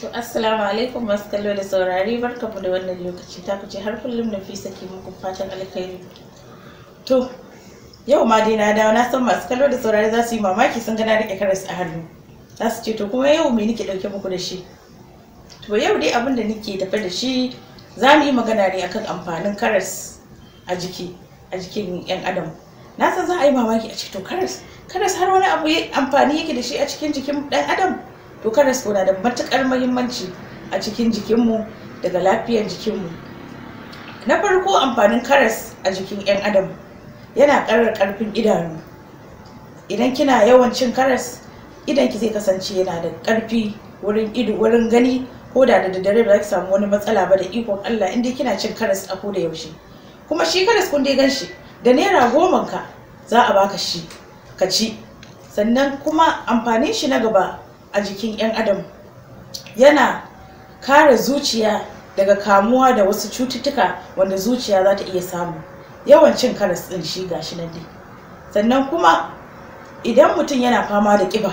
To assalamu alaikum masu kallo da saurari barkamu da wannan lokaci ta kuce har kullum na fisa ke muku fatan alkhairi. To yau ma dai na dawo na san masu kallo da saurari za su yi mamaki sun gana rike karas a hannu. Za su ce to kuma yau me nake dauke muku da shi. To yau dai abinda da nake tafe da shi za mu yi magana ne akan amfanin karas a jiki a jikin yan adam. Na san za a yi mamaki a ce to karas karas har wani abu amfani yake da shi a cikin jikin dan adam. to karas na da matukar muhimmanci a cikin jikinmu daga lafiyar jikinmu na farko amfanin karas a jikin 'yan adam yana ƙarar ƙarfin idanu idan kina yawan cin karas idan ki zai kasance yana da ƙarfi wurin ido wurin gani ko da da daddare ba za samu wani matsala ba da ikon Allah inda kina cin karas a koda yaushe kuma shi karas kun dai gan shi da naira goman ka za a baka shi ka ci sannan kuma amfanin shi na gaba a jikin 'yan adam yana kare zuciya daga kamuwa da wasu cututtuka wanda zuciya za ta iya samu yawan cin karas ɗin shi gashi nan dai sannan kuma idan mutum yana fama da ƙiba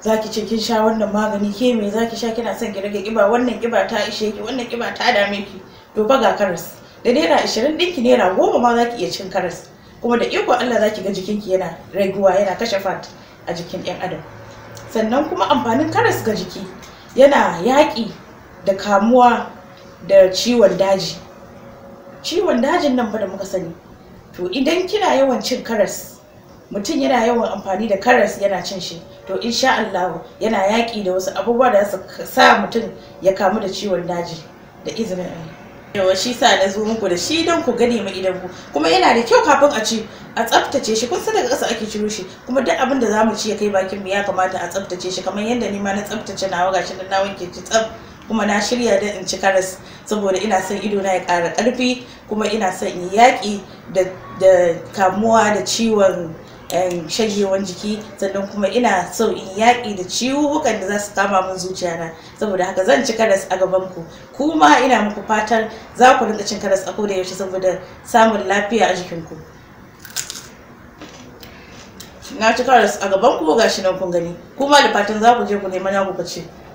zaki ce kin sha wannan magani ke me zaki sha kina son ki rage ƙiba wannan ƙiba ta ishe ki wannan ƙiba ta dame ki to ba ga karas da naira ashirin ɗinki naira goma ma zaki iya cin karas kuma da iko Allah zaki ga jikinki yana raguwa yana kashe fat a jikin ɗan adam sannan kuma amfanin karas ga jiki yana yaƙi da kamuwa da ciwon daji ciwon dajin nan ba da muka sani to idan kina yawan cin karas mutum yana yawan amfani da karas yana cin shi to insha Allah yana yaƙi da wasu abubuwa da su sa mutum ya kamu da ciwon daji da izinin Allah yawa shi sa na zo muku da shi don ku gani ma idan ku kuma yana da kyau kafin a ci a tsaftace shi kusa daga ƙasa ake ciro shi kuma duk abin da zamu ci ya kai bakin mu ya kamata a tsaftace shi kamar yadda ni ma na tsaftace nawa gashi na wanke shi tsaf kuma na shirya da in ci karas saboda ina son ido na ya ƙara ƙarfi kuma ina son in yaƙi da kamuwa da ciwon shagewan jiki sannan kuma ina so in yaƙi da ciwukan da za su kama min zuciya na saboda haka zan ci karas a gaban ku kuma ina muku fatan za ku rinka cin karas a koda yaushe saboda samun lafiya a jikinku. ku na ci karas a gaban ku gashi nan kun gani kuma da fatan za ku je ku nema na ku ce